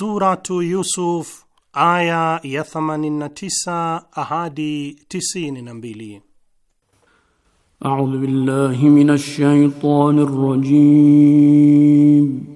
Suratu Yusuf aya ya 89 hadi 92. A'udhu billahi minash shaitani rrajim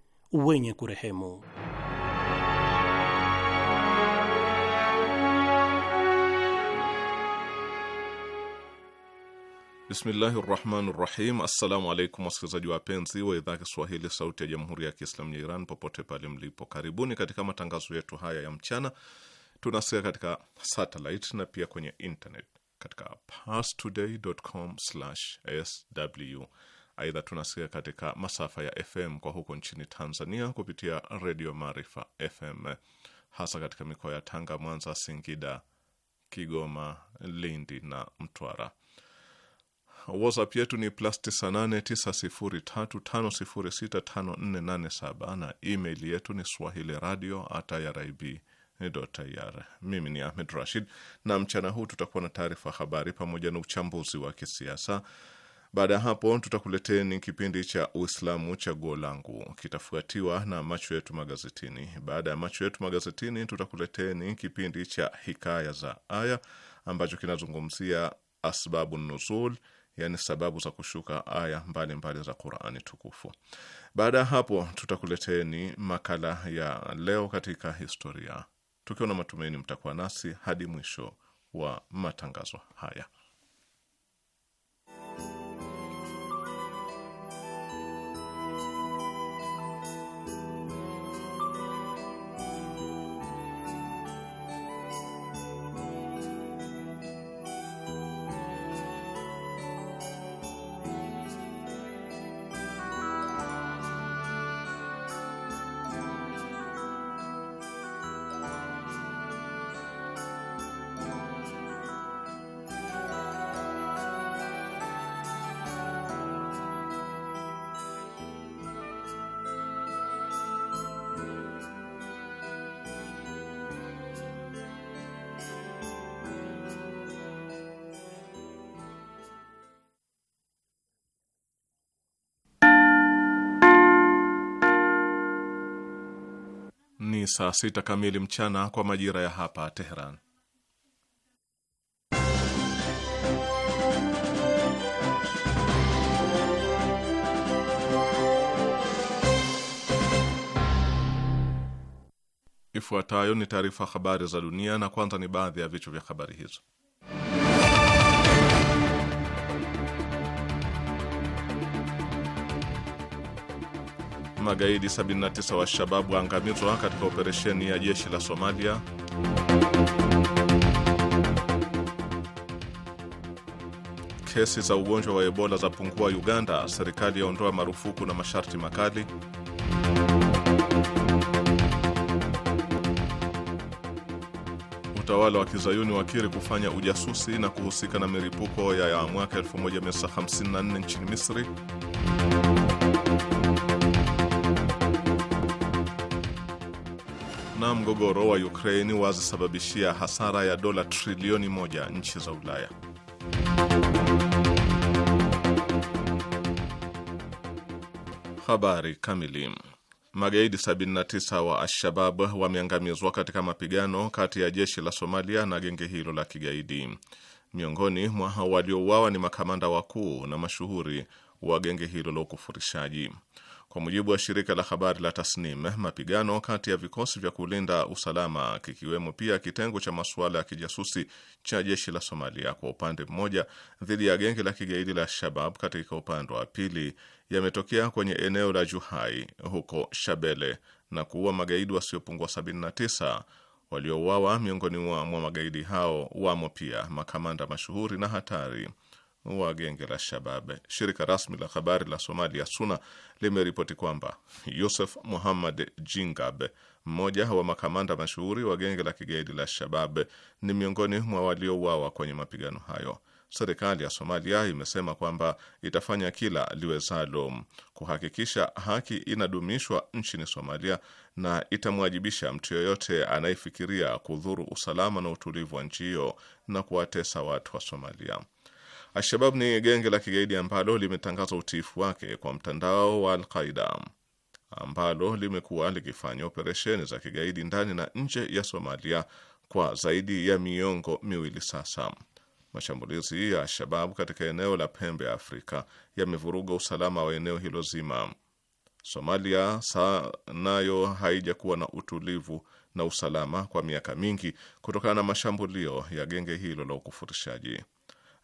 wenye kurehemu. Bismillahi rahmani rahim. Assalamu alaikum wasikilizaji wapenzi wa idhaa Kiswahili sauti ya jamhuri ya Kiislamu ya Iran popote pale mlipo, karibuni katika matangazo yetu haya ya mchana. Tunasikia katika satellite na pia kwenye internet katika parstoday.com/sw Aidha, tunasikia katika masafa ya FM kwa huko nchini Tanzania kupitia Redio Maarifa FM, hasa katika mikoa ya Tanga, Mwanza, Singida, Kigoma, Lindi na Mtwara. WhatsApp yetu ni plus 989035065487 na email yetu ni swahili radio at irib Mimi ni Ahmed Rashid na mchana huu tutakuwa na taarifa habari pamoja na uchambuzi wa kisiasa baada ya hapo, tutakuleteni kipindi cha Uislamu chaguo langu, kitafuatiwa na macho yetu magazetini. Baada ya macho yetu magazetini, tutakuleteni kipindi cha hikaya za aya ambacho kinazungumzia asbabu nuzul Yani, sababu za kushuka aya mbalimbali mbali za Qur'ani tukufu. Baada ya hapo, tutakuleteni makala ya leo katika historia, tukiwa na matumaini mtakuwa nasi hadi mwisho wa matangazo haya. saa sita kamili mchana kwa majira ya hapa Teheran. Ifuatayo ni taarifa habari za dunia, na kwanza ni baadhi ya vichwa vya habari hizo. Magaidi 79 wa Shabab waangamizwa katika operesheni ya jeshi la Somalia. Kesi za ugonjwa wa Ebola zapungua Uganda, serikali yaondoa marufuku na masharti makali. Utawala wa Kizayuni wakiri kufanya ujasusi na kuhusika na milipuko ya mwaka 1954 nchini Misri. mgogoro wa Ukraini wazisababishia hasara ya dola trilioni moja nchi za Ulaya. Habari kamili. Magaidi 79 wa Alshabab wameangamizwa katika mapigano kati ya jeshi la Somalia na genge hilo la kigaidi. Miongoni mwa waliouawa ni makamanda wakuu na mashuhuri wa genge hilo la ukufurishaji. Kwa mujibu wa shirika la habari la Tasnim, mapigano kati ya vikosi vya kulinda usalama kikiwemo pia kitengo cha masuala ya kijasusi cha jeshi la Somalia kwa upande mmoja dhidi ya genge la kigaidi la Shabab katika upande wa pili yametokea kwenye eneo la Juhai huko Shabele na kuua magaidi wasiopungua 79. Waliouawa miongoni mwa magaidi hao wamo pia makamanda mashuhuri na hatari wa genge la shabab Shirika rasmi la habari la Somalia SUNA limeripoti kwamba Yusuf Muhammad jingab mmoja wa makamanda mashuhuri wa genge la kigaidi la Shabab, ni miongoni mwa waliouawa kwenye mapigano hayo. Serikali ya Somalia imesema kwamba itafanya kila liwezalo kuhakikisha haki inadumishwa nchini Somalia na itamwajibisha mtu yoyote anayefikiria kudhuru usalama na utulivu wa nchi hiyo na kuwatesa watu wa Somalia. Alshabab ni genge la kigaidi ambalo limetangaza utiifu wake kwa mtandao wa Alqaida ambalo limekuwa likifanya operesheni za kigaidi ndani na nje ya Somalia kwa zaidi ya miongo miwili sasa. Mashambulizi ya Alshabab katika eneo la pembe ya Afrika yamevuruga usalama wa eneo hilo zima. Somalia saa nayo haijakuwa na utulivu na usalama kwa miaka mingi kutokana na mashambulio ya genge hilo la ukufurishaji.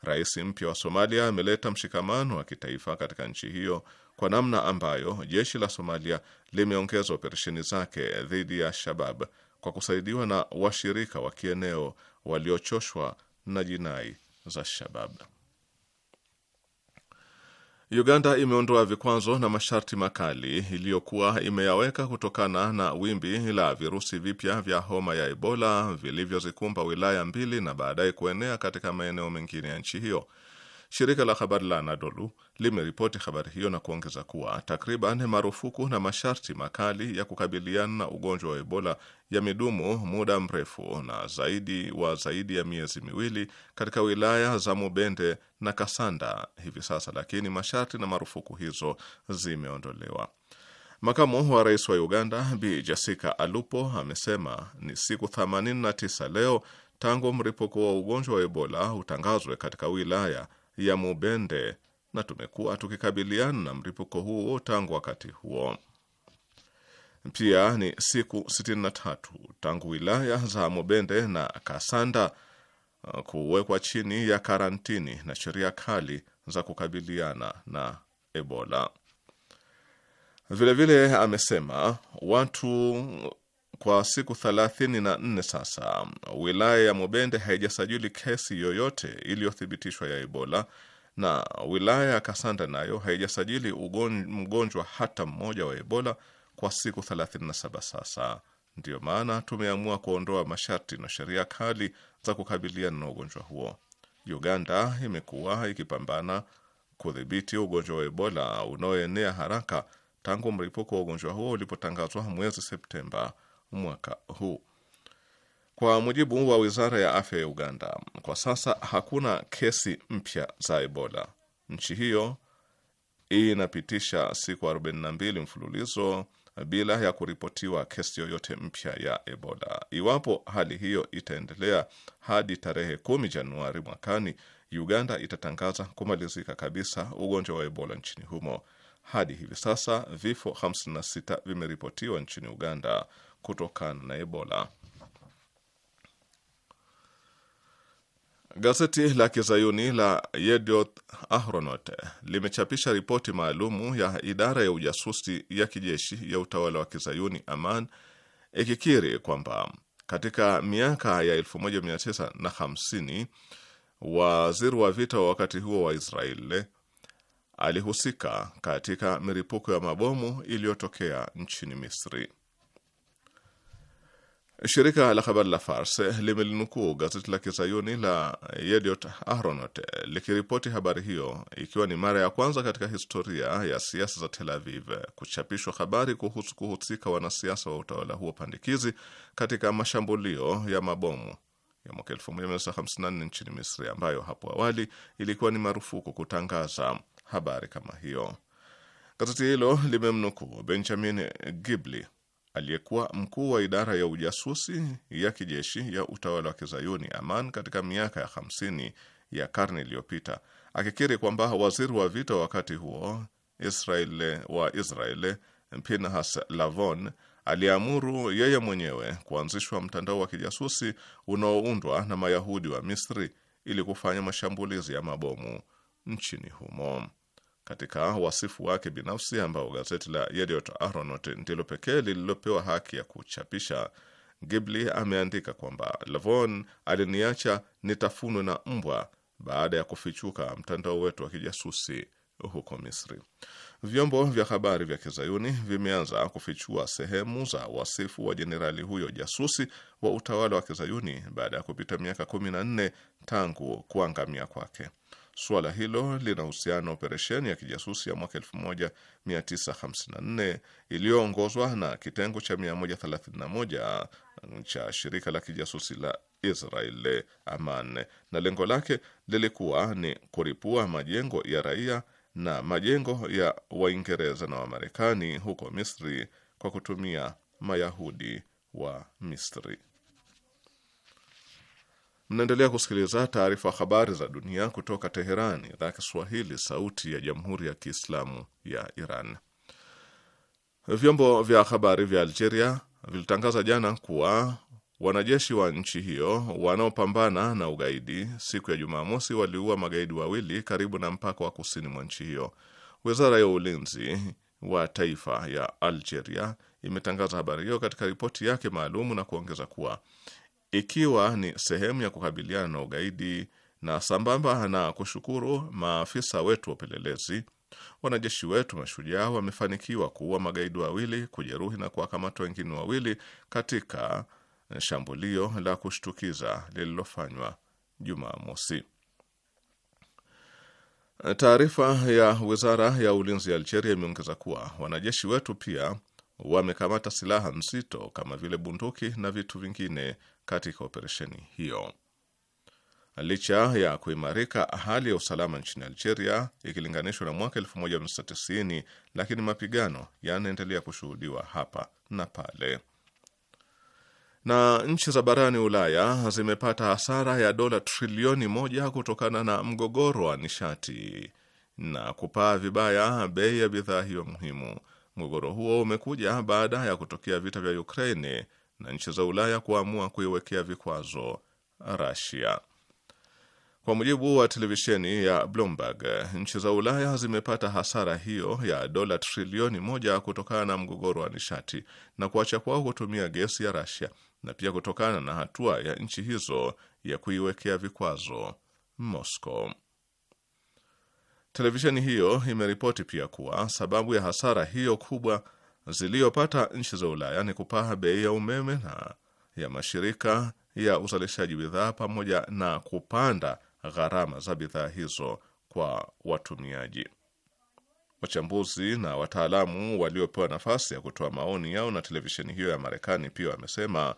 Rais mpya wa Somalia ameleta mshikamano wa kitaifa katika nchi hiyo kwa namna ambayo jeshi la Somalia limeongeza operesheni zake dhidi ya Shabab kwa kusaidiwa na washirika wa kieneo waliochoshwa na jinai za Shabab. Uganda imeondoa vikwazo na masharti makali iliyokuwa imeyaweka kutokana na wimbi la virusi vipya vya homa ya Ebola vilivyozikumba wilaya mbili na baadaye kuenea katika maeneo mengine ya nchi hiyo. Shirika la habari la Anadolu limeripoti habari hiyo na kuongeza kuwa takriban marufuku na masharti makali ya kukabiliana na ugonjwa wa Ebola yamedumu muda mrefu na zaidi wa zaidi ya miezi miwili katika wilaya za Mubende na Kasanda hivi sasa, lakini masharti na marufuku hizo zimeondolewa. Makamu wa rais wa Uganda Bi Jessica Alupo amesema ni siku 89 leo tangu mripuko wa ugonjwa wa Ebola utangazwe katika wilaya ya Mubende na tumekuwa tukikabiliana na mlipuko huo tangu wakati huo. Pia ni siku 63 tangu wilaya za Mubende na Kasanda uh, kuwekwa chini ya karantini na sheria kali za kukabiliana na Ebola. Vilevile vile amesema watu kwa siku 34 sasa, wilaya ya Mubende haijasajili kesi yoyote iliyothibitishwa ya Ebola na wilaya ya Kasanda nayo haijasajili mgonjwa hata mmoja wa Ebola kwa siku 37 sasa. Ndiyo maana tumeamua kuondoa masharti na sheria kali za kukabiliana na ugonjwa huo. Uganda imekuwa ikipambana kudhibiti ugonjwa wa Ebola unaoenea haraka tangu mlipuko wa ugonjwa huo ulipotangazwa mwezi Septemba mwaka huu. Kwa mujibu wa wizara ya afya ya Uganda, kwa sasa hakuna kesi mpya za Ebola. Nchi hiyo inapitisha siku 42 mfululizo bila ya kuripotiwa kesi yoyote mpya ya Ebola. Iwapo hali hiyo itaendelea hadi tarehe 1 Januari mwakani, Uganda itatangaza kumalizika kabisa ugonjwa wa Ebola nchini humo. Hadi hivi sasa vifo 56 vimeripotiwa nchini Uganda kutokana na Ebola. Gazeti la kizayuni la Yedioth Ahronot limechapisha ripoti maalumu ya idara ya ujasusi ya kijeshi ya utawala wa kizayuni Aman ikikiri kwamba katika miaka ya 1950 waziri wa vita wa wakati huo wa Israeli alihusika katika milipuko ya mabomu iliyotokea nchini Misri. Shirika la habari la Fars limelinukuu gazeti la kizayuni la Yediot Ahronot likiripoti habari hiyo, ikiwa ni mara ya kwanza katika historia ya siasa za Tel Aviv kuchapishwa habari kuhusu kuhusika wanasiasa wa utawala huo pandikizi katika mashambulio ya mabomu ya mwaka 1954 nchini Misri, ambayo hapo awali ilikuwa ni marufuku kutangaza habari kama hiyo. Gazeti hilo limemnukuu Benjamin Gibli aliyekuwa mkuu wa idara ya ujasusi ya kijeshi ya utawala wa kizayuni Aman katika miaka ya 50 ya karne iliyopita, akikiri kwamba waziri wa vita wakati huo Israel wa Israel Pinhas Lavon aliamuru yeye mwenyewe kuanzishwa mtandao wa kijasusi unaoundwa na Mayahudi wa Misri ili kufanya mashambulizi ya mabomu nchini humo katika wasifu wake binafsi ambao gazeti la Yediot Aronot ndilo pekee lililopewa haki ya kuchapisha, Gibli ameandika kwamba Lavon aliniacha nitafunwe na mbwa baada ya kufichuka mtandao wetu wa kijasusi huko Misri. Vyombo vya habari vya kizayuni vimeanza kufichua sehemu za wasifu wa jenerali huyo jasusi wa utawala wa kizayuni baada ya kupita miaka 14 tangu kuangamia kwake. Suala hilo linahusiana na operesheni ya kijasusi ya mwaka 1954 iliyoongozwa na kitengo cha 131 cha shirika la kijasusi la Israel Aman, na lengo lake lilikuwa ni kuripua majengo ya raia na majengo ya Waingereza na Wamarekani huko Misri kwa kutumia Mayahudi wa Misri. Mnaendelea kusikiliza taarifa habari za dunia kutoka Teheran, idhaa Kiswahili, sauti ya jamhuri ya kiislamu ya Iran. Vyombo vya habari vya Algeria vilitangaza jana kuwa wanajeshi wa nchi hiyo wanaopambana na ugaidi siku ya Jumamosi waliua magaidi wawili karibu na mpaka wa kusini mwa nchi hiyo. Wizara ya ulinzi wa taifa ya Algeria imetangaza habari hiyo katika ripoti yake maalumu na kuongeza kuwa ikiwa ni sehemu ya kukabiliana na ugaidi, na sambamba na kushukuru maafisa wetu wa upelelezi, wanajeshi wetu mashujaa wamefanikiwa kuua magaidi wawili, kujeruhi na kuwakamata wengine wawili katika shambulio la kushtukiza lililofanywa Jumamosi. Taarifa ya wizara ya ulinzi ya Algeria imeongeza kuwa wanajeshi wetu pia wamekamata silaha nzito kama vile bunduki na vitu vingine katika operesheni hiyo. Licha ya kuimarika hali ya usalama nchini Algeria ikilinganishwa na mwaka 1990, lakini mapigano yanaendelea kushuhudiwa hapa na pale. Na nchi za barani Ulaya zimepata hasara ya dola trilioni moja kutokana na mgogoro wa nishati na kupaa vibaya bei ya bidhaa hiyo muhimu. Mgogoro huo umekuja baada ya kutokea vita vya Ukraine na nchi za Ulaya kuamua kuiwekea vikwazo Rasia. Kwa mujibu wa televisheni ya Bloomberg, nchi za Ulaya zimepata hasara hiyo ya dola trilioni moja kutokana na mgogoro wa nishati na kuacha kwao kutumia gesi ya Rasia na pia kutokana na hatua ya nchi hizo ya kuiwekea vikwazo Moscow. Televisheni hiyo imeripoti pia kuwa sababu ya hasara hiyo kubwa ziliyopata nchi za Ulaya ni kupaa bei ya umeme na ya mashirika ya uzalishaji bidhaa pamoja na kupanda gharama za bidhaa hizo kwa watumiaji. Wachambuzi na wataalamu waliopewa nafasi ya kutoa maoni yao na televisheni hiyo ya Marekani pia wamesema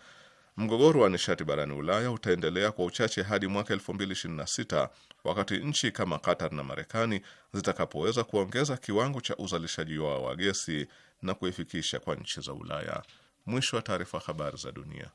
Mgogoro wa nishati barani Ulaya utaendelea kwa uchache hadi mwaka 2026 wakati nchi kama Qatar na Marekani zitakapoweza kuongeza kiwango cha uzalishaji wao wa gesi na kuifikisha kwa nchi za Ulaya. Mwisho wa taarifa. Habari za dunia.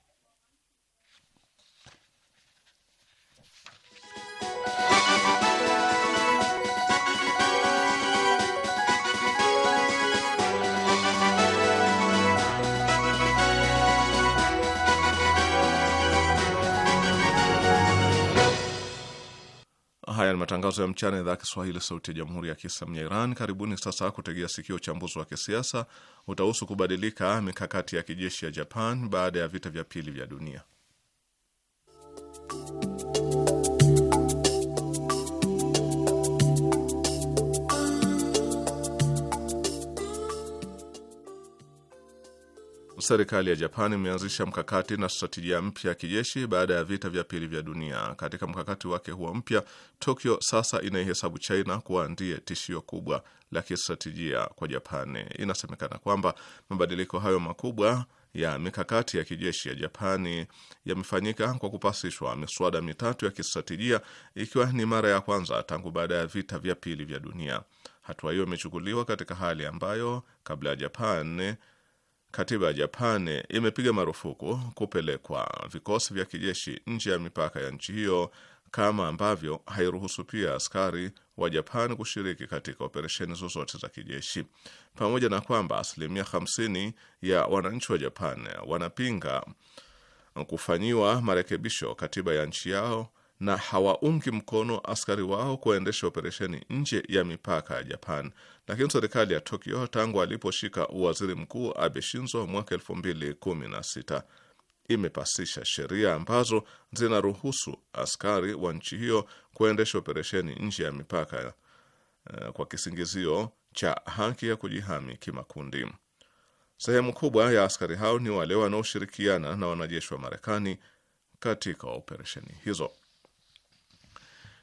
Haya ni matangazo ya mchana, idhaa ya Kiswahili, sauti ya jamhuri ya kiislamu ya Iran. Karibuni sasa kutegea sikio uchambuzi wa kisiasa utahusu kubadilika mikakati ya kijeshi ya Japan baada ya vita vya pili vya dunia. Serikali ya Japan imeanzisha mkakati na stratejia mpya ya kijeshi baada ya vita vya pili vya dunia. Katika mkakati wake huo mpya, Tokyo sasa inaihesabu China kuwa ndiye tishio kubwa la kistratejia kwa Japani. Inasemekana kwamba mabadiliko hayo makubwa ya mikakati ya kijeshi ya Japani yamefanyika kwa kupasishwa miswada mitatu ya kistratejia, ikiwa ni mara ya kwanza tangu baada ya vita vya pili vya dunia. Hatua hiyo imechukuliwa katika hali ambayo kabla ya Japan katiba ya Japan imepiga marufuku kupelekwa vikosi vya kijeshi nje ya mipaka ya nchi hiyo, kama ambavyo hairuhusu pia askari wa Japan kushiriki katika operesheni zozote za kijeshi, pamoja na kwamba asilimia 50 ya wananchi wa Japan wanapinga kufanyiwa marekebisho katiba ya nchi yao na hawaungi mkono askari wao kuendesha operesheni nje ya mipaka ya Japan. Lakini serikali ya Tokyo tangu aliposhika waziri mkuu Abe Shinzo mwaka sita imepasisha sheria ambazo zinaruhusu askari wa nchi hiyo kuendesha operesheni nje ya mipaka eh, kwa kisingizio cha haki ya kujihami kimakundi. Sehemu kubwa ya askari hao ni wale wanaoshirikiana na wanajeshi wa Marekani katika operesheni hizo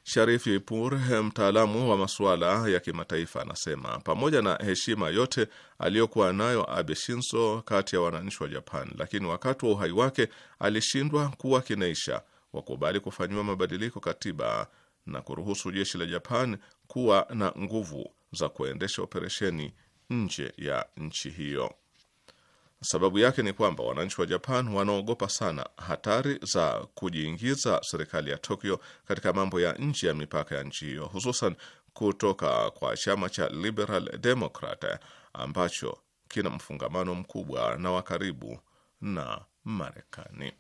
sharifi pur mtaalamu wa masuala ya kimataifa, anasema pamoja na heshima yote aliyokuwa nayo Abe Shinzo kati ya wananchi wa Japan, lakini wakati wa uhai wake alishindwa kuwa kinaisha wakubali kufanyiwa mabadiliko katiba na kuruhusu jeshi la Japan kuwa na nguvu za kuendesha operesheni nje ya nchi hiyo. Sababu yake ni kwamba wananchi wa Japan wanaogopa sana hatari za kujiingiza serikali ya Tokyo katika mambo ya nje ya mipaka ya nchi hiyo, hususan kutoka kwa chama cha Liberal Democrat ambacho kina mfungamano mkubwa na wa karibu na Marekani.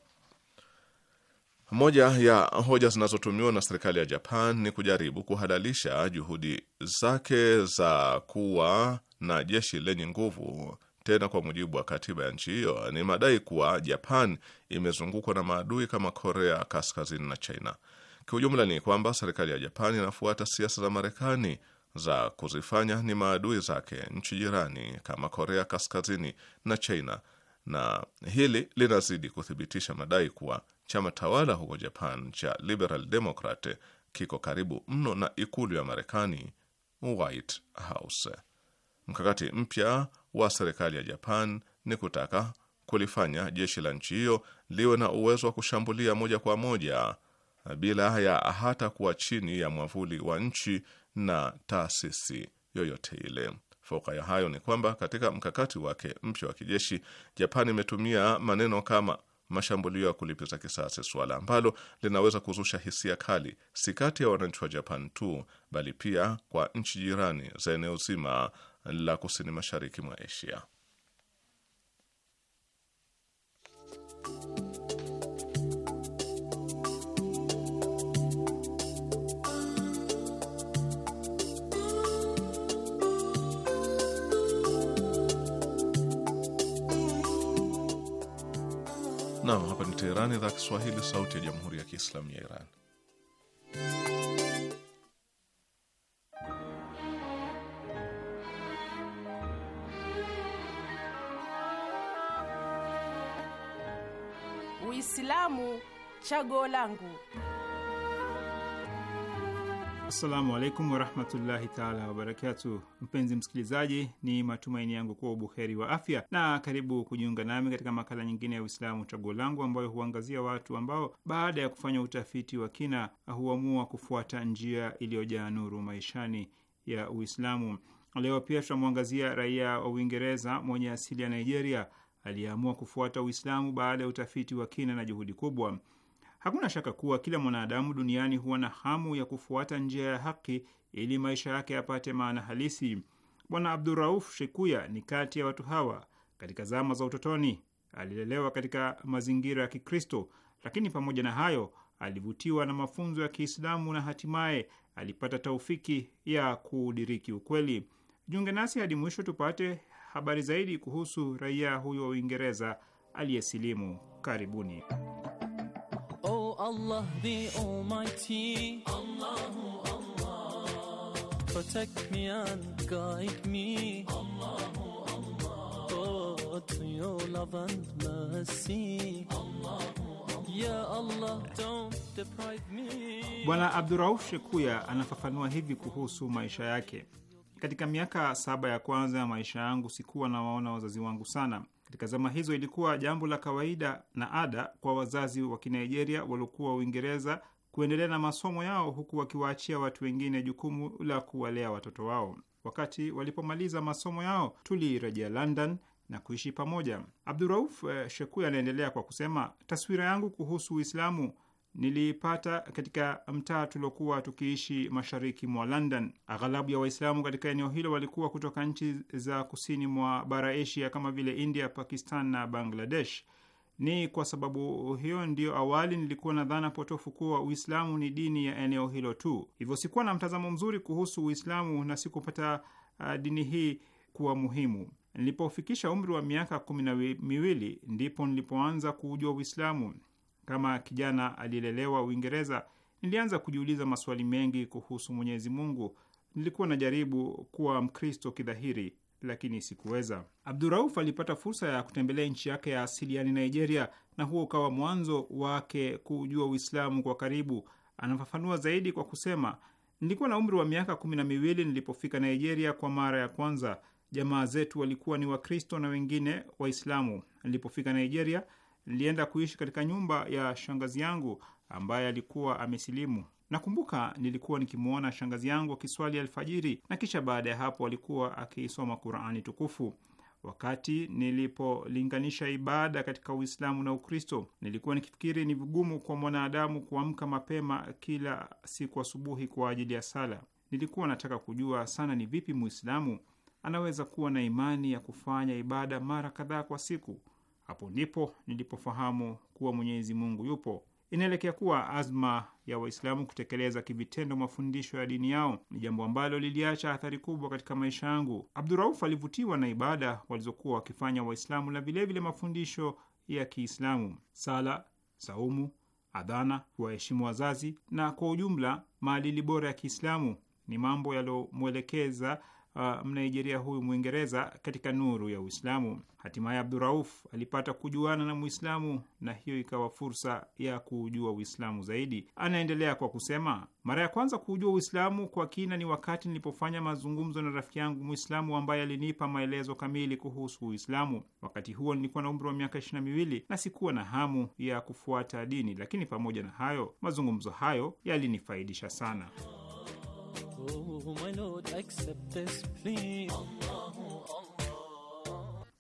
Moja ya hoja zinazotumiwa na serikali ya Japan ni kujaribu kuhalalisha juhudi zake za kuwa na jeshi lenye nguvu tena kwa mujibu wa katiba ya nchi hiyo, ni madai kuwa Japan imezungukwa na maadui kama Korea Kaskazini na China. Kiujumla ni kwamba serikali ya Japan inafuata siasa za Marekani za kuzifanya ni maadui zake nchi jirani kama Korea Kaskazini na China, na hili linazidi kuthibitisha madai kuwa chama tawala huko Japan cha Liberal Democrat kiko karibu mno na ikulu ya Marekani, White House. Mkakati mpya wa serikali ya Japan ni kutaka kulifanya jeshi la nchi hiyo liwe na uwezo wa kushambulia moja kwa moja bila ya hata kuwa chini ya mwavuli wa nchi na taasisi yoyote ile. Fauka ya hayo ni kwamba katika mkakati wake mpya wa kijeshi, Japan imetumia maneno kama mashambulio ya kulipiza kisasi, suala ambalo linaweza kuzusha hisia kali si kati ya wananchi wa Japan tu, bali pia kwa nchi jirani za eneo zima la kusini mashariki mwa Asia. nam hapa ni Teherani, idhaa Kiswahili, sauti ya jamhuri ya kiislamu ya Iran. Uislamu chaguo langu. Assalamu alaikum warahmatullahi taala wabarakatu. Mpenzi msikilizaji, ni matumaini yangu kuwa ubuheri wa afya na karibu kujiunga nami katika makala nyingine ya Uislamu chaguo langu, ambayo huangazia watu ambao baada ya kufanya utafiti wa kina huamua kufuata njia iliyojaa nuru maishani ya Uislamu. Leo pia tutamwangazia raia wa Uingereza mwenye asili ya Nigeria aliyeamua kufuata Uislamu baada ya utafiti wa kina na juhudi kubwa. Hakuna shaka kuwa kila mwanadamu duniani huwa na hamu ya kufuata njia ya haki ili maisha yake yapate maana halisi. Bwana Abdurauf Shekuya ni kati ya watu hawa. Katika zama za utotoni, alilelewa katika mazingira ya Kikristo, lakini pamoja na hayo alivutiwa na mafunzo ya Kiislamu na hatimaye alipata taufiki ya kudiriki ukweli. Jiunge nasi hadi mwisho tupate habari zaidi kuhusu raia huyo wa Uingereza aliyesilimu karibuni. Oh Allah, the Almighty, Allahu Allah, protect me and guide me, Allahu Allah, oh, to your love and mercy, Allahu Bwana Abdurauf Shekuya anafafanua hivi kuhusu maisha yake. Katika miaka saba ya kwanza ya maisha yangu sikuwa nawaona wazazi wangu sana. Katika zama hizo ilikuwa jambo la kawaida na ada kwa wazazi wa Kinigeria waliokuwa Uingereza kuendelea na masomo yao huku wakiwaachia watu wengine jukumu la kuwalea watoto wao. Wakati walipomaliza masomo yao, tulirejea London na kuishi pamoja. Abdurauf eh, Shekui anaendelea kwa kusema, taswira yangu kuhusu Uislamu niliipata katika mtaa tuliokuwa tukiishi mashariki mwa London. Aghalabu ya Waislamu katika eneo hilo walikuwa kutoka nchi za kusini mwa bara Asia kama vile India, Pakistan na Bangladesh. Ni kwa sababu hiyo ndiyo awali nilikuwa na dhana potofu kuwa Uislamu ni dini ya eneo hilo tu, hivyo sikuwa na mtazamo mzuri kuhusu Uislamu na sikupata uh, dini hii kuwa muhimu. Nilipofikisha umri wa miaka kumi na miwili ndipo nilipoanza kuujua Uislamu. Kama kijana aliyelelewa Uingereza, nilianza kujiuliza maswali mengi kuhusu Mwenyezi Mungu. Nilikuwa najaribu kuwa Mkristo kidhahiri, lakini sikuweza. Abdurauf alipata fursa ya kutembelea nchi yake ya asili, yani Nigeria, na huo ukawa mwanzo wake kujua Uislamu kwa karibu. Anafafanua zaidi kwa kusema, nilikuwa na umri wa miaka kumi na miwili nilipofika Nigeria kwa mara ya kwanza. Jamaa zetu walikuwa ni Wakristo na wengine Waislamu. Nilipofika Nigeria nilienda kuishi katika nyumba ya shangazi yangu ambaye alikuwa amesilimu. Nakumbuka nilikuwa nikimwona shangazi yangu akiswali alfajiri na kisha baada ya hapo alikuwa akiisoma Qurani tukufu. Wakati nilipolinganisha ibada katika Uislamu na Ukristo, nilikuwa nikifikiri ni vigumu kwa mwanadamu kuamka mapema kila siku asubuhi kwa ajili ya sala. Nilikuwa nataka kujua sana ni vipi Muislamu anaweza kuwa na imani ya kufanya ibada mara kadhaa kwa siku hapo ndipo nilipofahamu kuwa Mwenyezi Mungu yupo. Inaelekea kuwa azma ya Waislamu kutekeleza kivitendo mafundisho ya dini yao ni jambo ambalo liliacha athari kubwa katika maisha yangu. Abdurauf alivutiwa na ibada walizokuwa wakifanya Waislamu na vilevile mafundisho ya Kiislamu, sala, saumu, adhana, kuwaheshimu wazazi na kwa ujumla maadili bora ya Kiislamu ni mambo yaliyomwelekeza uh, Mnaijeria huyu Mwingereza katika nuru ya Uislamu. Hatimaye Abdurauf alipata kujuana na Mwislamu na hiyo ikawa fursa ya kuujua Uislamu zaidi. Anaendelea kwa kusema, mara ya kwanza kuujua Uislamu kwa kina ni wakati nilipofanya mazungumzo na rafiki yangu Mwislamu ambaye alinipa maelezo kamili kuhusu Uislamu. Wakati huo nilikuwa na umri wa miaka ishirini na miwili na sikuwa na hamu ya kufuata dini, lakini pamoja na hayo mazungumzo hayo yalinifaidisha sana.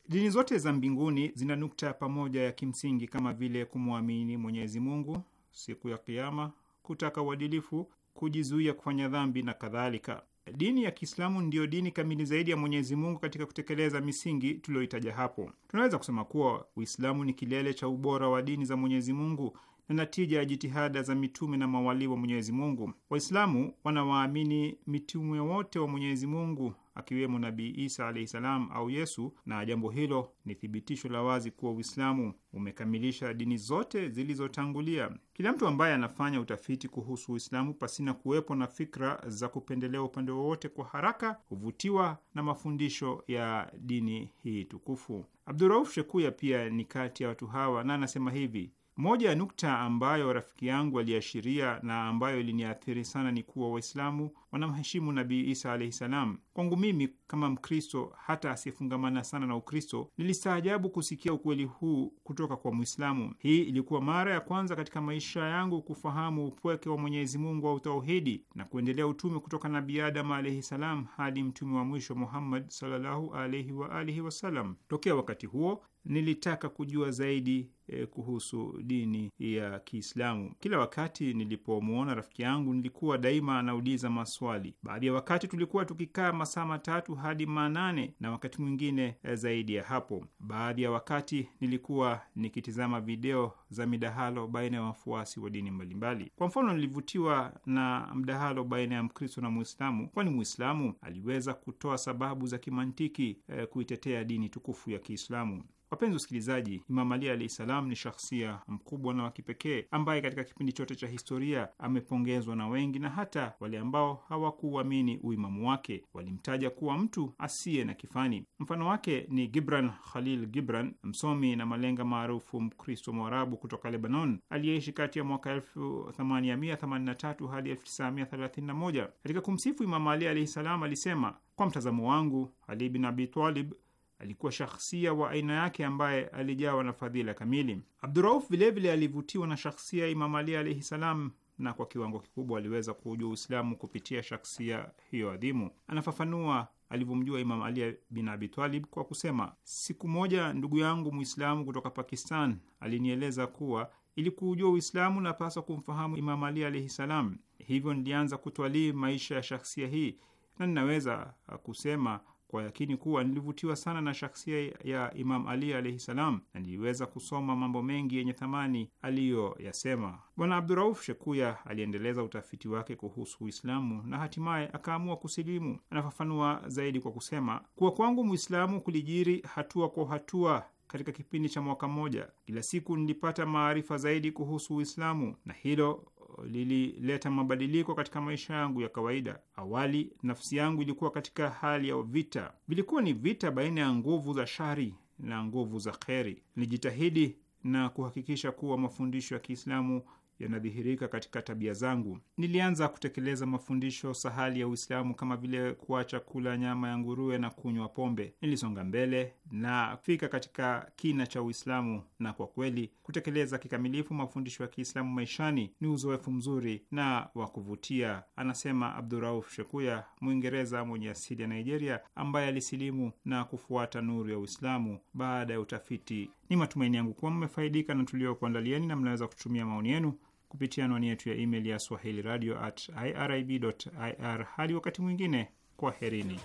Dini zote za mbinguni zina nukta ya pamoja ya kimsingi kama vile kumwamini Mwenyezi Mungu, siku ya Kiama, kutaka uadilifu, kujizuia kufanya dhambi na kadhalika. Dini ya Kiislamu ndiyo dini kamili zaidi ya Mwenyezi Mungu katika kutekeleza misingi tuliyoitaja hapo. Tunaweza kusema kuwa Uislamu ni kilele cha ubora wa dini za Mwenyezi Mungu na natija ya jitihada za mitume na mawali wa Mwenyezi Mungu. Waislamu wanawaamini mitume wote wa Mwenyezi Mungu akiwemo Nabii Isa alahi salam au Yesu, na jambo hilo ni thibitisho la wazi kuwa Uislamu umekamilisha dini zote zilizotangulia. Kila mtu ambaye anafanya utafiti kuhusu Uislamu pasina kuwepo na fikra za kupendelea upande wowote, kwa haraka huvutiwa na mafundisho ya dini hii tukufu. Abdurauf Shekuya pia ni kati ya watu hawa, na anasema hivi: moja ya nukta ambayo rafiki yangu aliashiria na ambayo iliniathiri sana ni kuwa Waislamu wanamheshimu Nabii Isa alaihi salam. Kwangu mimi kama Mkristo, hata asiyefungamana sana na Ukristo, nilistaajabu kusikia ukweli huu kutoka kwa Mwislamu. Hii ilikuwa mara ya kwanza katika maisha yangu kufahamu upweke wa Mwenyezi Mungu wa utauhidi na kuendelea utume kutoka Nabii Adamu alaihi salam hadi mtume wa mwisho Muhammad sallallahu alaihi waalihi wasalam. Tokea wakati huo nilitaka kujua zaidi e, kuhusu dini ya Kiislamu. Kila wakati nilipomwona rafiki yangu nilikuwa daima anauliza maswali. Baadhi ya wakati tulikuwa tukikaa masaa matatu hadi manane na wakati mwingine eh, zaidi ya hapo. Baadhi ya wakati nilikuwa nikitizama video za midahalo baina ya wafuasi wa dini mbalimbali. Kwa mfano, nilivutiwa na mdahalo baina ya Mkristo na Mwislamu, kwani Mwislamu aliweza kutoa sababu za kimantiki e, kuitetea dini tukufu ya Kiislamu. Wapenzi wasikilizaji, Imam Ali alahi salam ni shahsia mkubwa na wa kipekee ambaye katika kipindi chote cha historia amepongezwa na wengi na hata wale ambao hawakuuamini uimamu wake walimtaja kuwa mtu asiye na kifani. Mfano wake ni Gibran Khalil Gibran, msomi na malenga maarufu Mkristo Mwarabu kutoka Lebanon aliyeishi kati ya mwaka 1883 hadi 1931. Katika kumsifu Imam Ali alahi salam alisema, kwa mtazamo wangu, Ali bin Abi Talib alikuwa shakhsia wa aina yake ambaye alijawa na fadhila kamili. Abdurauf vilevile alivutiwa na shakhsia Imam Ali alaihi salam na kwa kiwango kikubwa aliweza kuujua Uislamu kupitia shaksia hiyo adhimu. Anafafanua alivyomjua Imam Ali bin Abi Talib kwa kusema, siku moja ndugu yangu Mwislamu kutoka Pakistan alinieleza kuwa ili kuujua Uislamu napaswa kumfahamu Imam Ali alaihi salam. Hivyo nilianza kutwalii maisha ya shakhsia hii na ninaweza kusema kwa yakini kuwa nilivutiwa sana na shaksia ya Imam Ali alaihi salam, na niliweza kusoma mambo mengi yenye thamani aliyoyasema. Bwana Abdurauf Shekuya aliendeleza utafiti wake kuhusu Uislamu na hatimaye akaamua kusilimu. Anafafanua zaidi kwa kusema kuwa kwangu Mwislamu kulijiri hatua kwa hatua katika kipindi cha mwaka mmoja. Kila siku nilipata maarifa zaidi kuhusu Uislamu, na hilo lilileta mabadiliko katika maisha yangu ya kawaida. Awali nafsi yangu ilikuwa katika hali ya vita, vilikuwa ni vita baina ya nguvu za shari na nguvu za kheri. Nilijitahidi na kuhakikisha kuwa mafundisho ya Kiislamu yanadhihirika katika tabia zangu. Nilianza kutekeleza mafundisho sahali ya Uislamu kama vile kuacha kula nyama ya nguruwe na kunywa pombe. Nilisonga mbele na kufika katika kina cha Uislamu, na kwa kweli kutekeleza kikamilifu mafundisho ya Kiislamu maishani ni uzoefu mzuri na wa kuvutia, anasema Abdurauf Shekuya, Mwingereza mwenye asili ya Nigeria ambaye alisilimu na kufuata nuru ya Uislamu baada ya utafiti. Ni matumaini yangu kuwa mmefaidika na tuliokuandalieni na mnaweza kutumia maoni yenu kupitia anwani yetu ya email ya swahili radio at ir. Hadi wakati mwingine, kwaherini.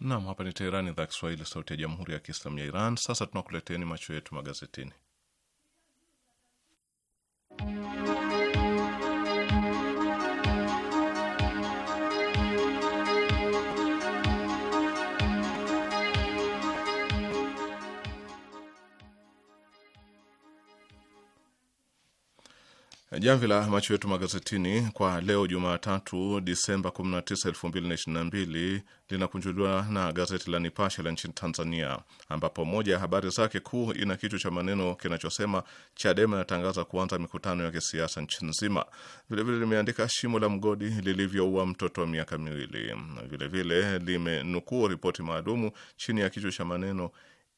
Nam, hapa ni Teherani, idhaa Kiswahili, sauti ya jamhuri ya kiislamu ya Iran. Sasa tunakuleteni macho yetu magazetini. jamvi la macho yetu magazetini kwa leo Jumatatu, Disemba 19, 2022 linakunjuliwa na gazeti la Nipashe la nchini Tanzania, ambapo moja ya habari zake kuu ina kichwa cha maneno kinachosema Chadema inatangaza kuanza mikutano ya kisiasa nchi nzima. Vilevile limeandika shimo la mgodi lilivyoua mtoto wa miaka miwili. Vilevile limenukuu ripoti maalumu chini ya kichwa cha maneno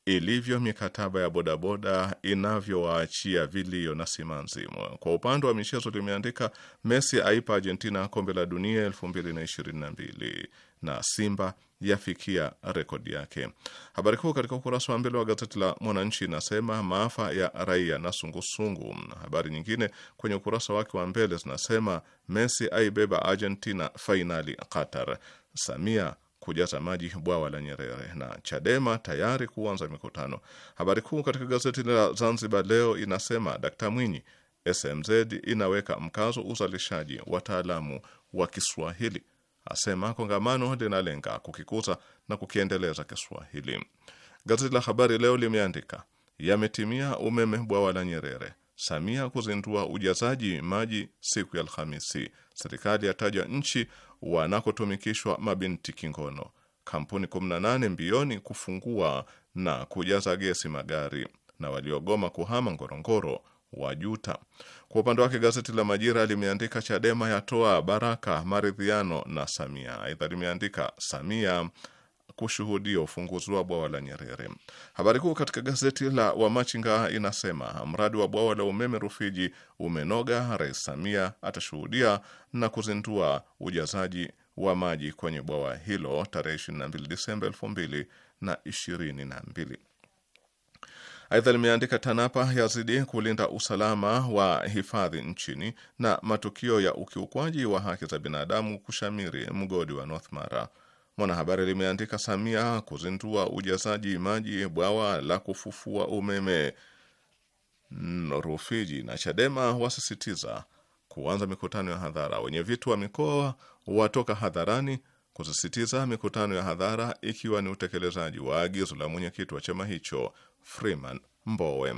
ilivyo mikataba ya bodaboda inavyowaachia vilio na simanzi. Kwa upande wa michezo limeandika Messi aipa Argentina kombe la dunia 2022 na Simba yafikia rekodi yake. Habari kuu katika ukurasa wa mbele wa gazeti la Mwananchi inasema maafa ya raia na sungusungu. Habari nyingine kwenye ukurasa wake wa mbele zinasema Messi aibeba Argentina fainali Qatar, Samia kujaza maji bwawa la Nyerere na Chadema tayari kuanza mikutano. Habari kuu katika gazeti la Zanzibar Leo inasema Dkt Mwinyi, SMZ inaweka mkazo uzalishaji wataalamu wa Kiswahili, asema kongamano linalenga kukikuza na kukiendeleza Kiswahili. Gazeti la Habari Leo limeandika yametimia umeme bwawa la Nyerere, Samia kuzindua ujazaji maji siku ya Alhamisi, serikali yataja nchi wanakotumikishwa mabinti kingono, kampuni 18 mbioni kufungua na kujaza gesi magari, na waliogoma kuhama Ngorongoro wajuta. Kwa upande wake gazeti la Majira limeandika Chadema yatoa baraka maridhiano na Samia. Aidha limeandika Samia kushuhudia ufunguzi wa bwawa la Nyerere. Habari kuu katika gazeti la Wamachinga inasema mradi wa bwawa la umeme Rufiji umenoga, Rais Samia atashuhudia na kuzindua ujazaji wa maji kwenye bwawa hilo tarehe 22 Disemba 2022. Aidha, limeandika TANAPA yazidi kulinda usalama wa hifadhi nchini na matukio ya ukiukwaji wa haki za binadamu kushamiri mgodi wa North Mara. Mwanahabari limeandika Samia kuzindua ujazaji maji bwawa la kufufua umeme Rufiji, na Chadema wasisitiza kuanza mikutano ya hadhara. Wenye vitu wa mikoa watoka hadharani kusisitiza mikutano ya hadhara ikiwa ni utekelezaji wa agizo la mwenyekiti wa chama hicho Freeman Mbowe.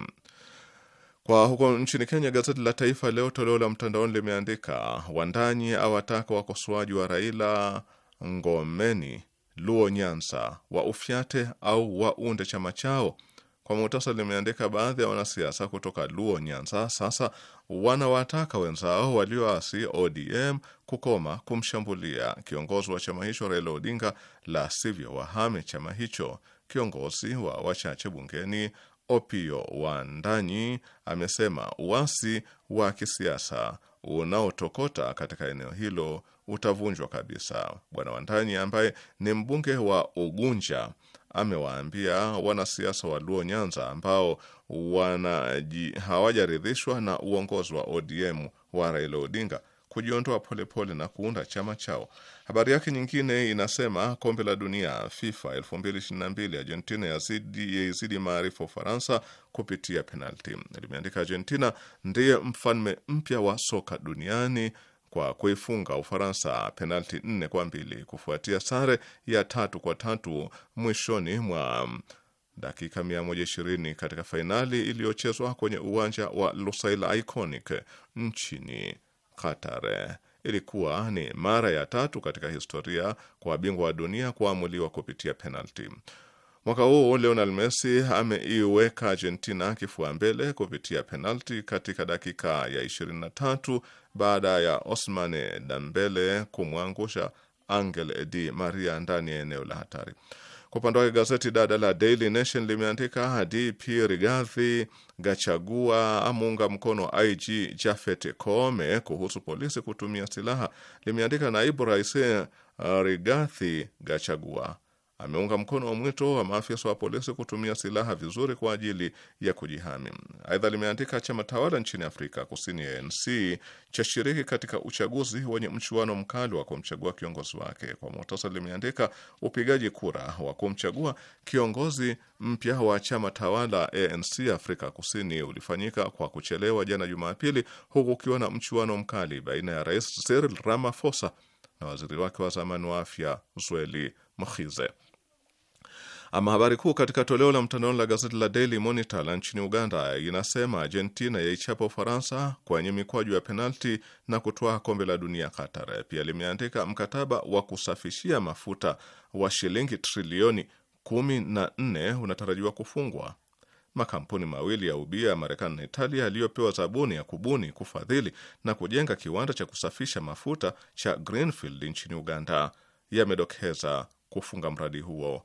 Kwa huko nchini Kenya, gazeti la Taifa Leo toleo la mtandaoni limeandika wandanyi awataka wakosoaji wa Raila Ngomeni, Luo Nyanza wa ufyate au waunde chama chao. Kwa muhtasari, limeandika baadhi ya wanasiasa kutoka Luo Nyanza sasa wanawataka wenzao walioasi ODM kukoma kumshambulia kiongozi wa chama hicho Raila Odinga, la sivyo wahame chama hicho. Kiongozi wa wachache bungeni Opio Wandanyi amesema uasi wa kisiasa unaotokota katika eneo hilo utavunjwa kabisa. Bwana Wandani ambaye ni mbunge wa Ugunja amewaambia wanasiasa wa Luo Nyanza ambao wanaji hawajaridhishwa na uongozi wa ODM wa Raila Odinga kujiondoa polepole na kuunda chama chao. Habari yake nyingine inasema kombe la dunia FIFA 2022 Argentina yaizidi maarifa Ufaransa kupitia penalti. Limeandika Argentina ndiye mfalme mpya wa soka duniani kwa kuifunga Ufaransa penalti nne kwa mbili kufuatia sare ya tatu kwa tatu mwishoni mwa dakika 120 katika fainali iliyochezwa kwenye uwanja wa Lusail Iconic nchini Qatar. Ilikuwa ni mara ya tatu katika historia kwa bingwa wa dunia kuamuliwa kupitia penalti. Mwaka huu Lionel Messi ameiweka Argentina kifua mbele kupitia penalti katika dakika ya 23 baada ya Osman Dembele kumwangusha Angel Di Maria ndani ya eneo la hatari. Kwa upande wake gazeti dada la Daily Nation limeandika DP Rigathi Gachagua amuunga mkono IG Jafet come kuhusu polisi kutumia silaha. Limeandika naibu rais eh, Rigathi Gachagua ameunga mkono wa mwito wa maafisa wa polisi kutumia silaha vizuri kwa ajili ya kujihami. Aidha, limeandika chama tawala nchini Afrika Kusini ya ANC chashiriki katika uchaguzi wenye mchuano mkali wa kumchagua kiongozi wake. Kwa muhtasari, limeandika upigaji kura wa kumchagua kiongozi mpya wa chama tawala ANC Afrika Kusini ulifanyika kwa kuchelewa jana Jumapili, huku ukiwa na mchuano mkali baina ya Rais Cyril Ramaphosa na waziri wake wa zamani wa afya Zweli Mkhize. Ama habari kuu katika toleo la mtandaoni la gazeti la Daily Monitor la nchini Uganda inasema Argentina yaichapa Ufaransa kwenye mikwaju ya penalti na kutoa kombe la dunia Qatar. Pia limeandika mkataba wa kusafishia mafuta wa shilingi trilioni 14 unatarajiwa kufungwa. Makampuni mawili ya ubia ya Marekani na Italia yaliyopewa zabuni ya kubuni, kufadhili na kujenga kiwanda cha kusafisha mafuta cha Greenfield nchini Uganda yamedokeza kufunga mradi huo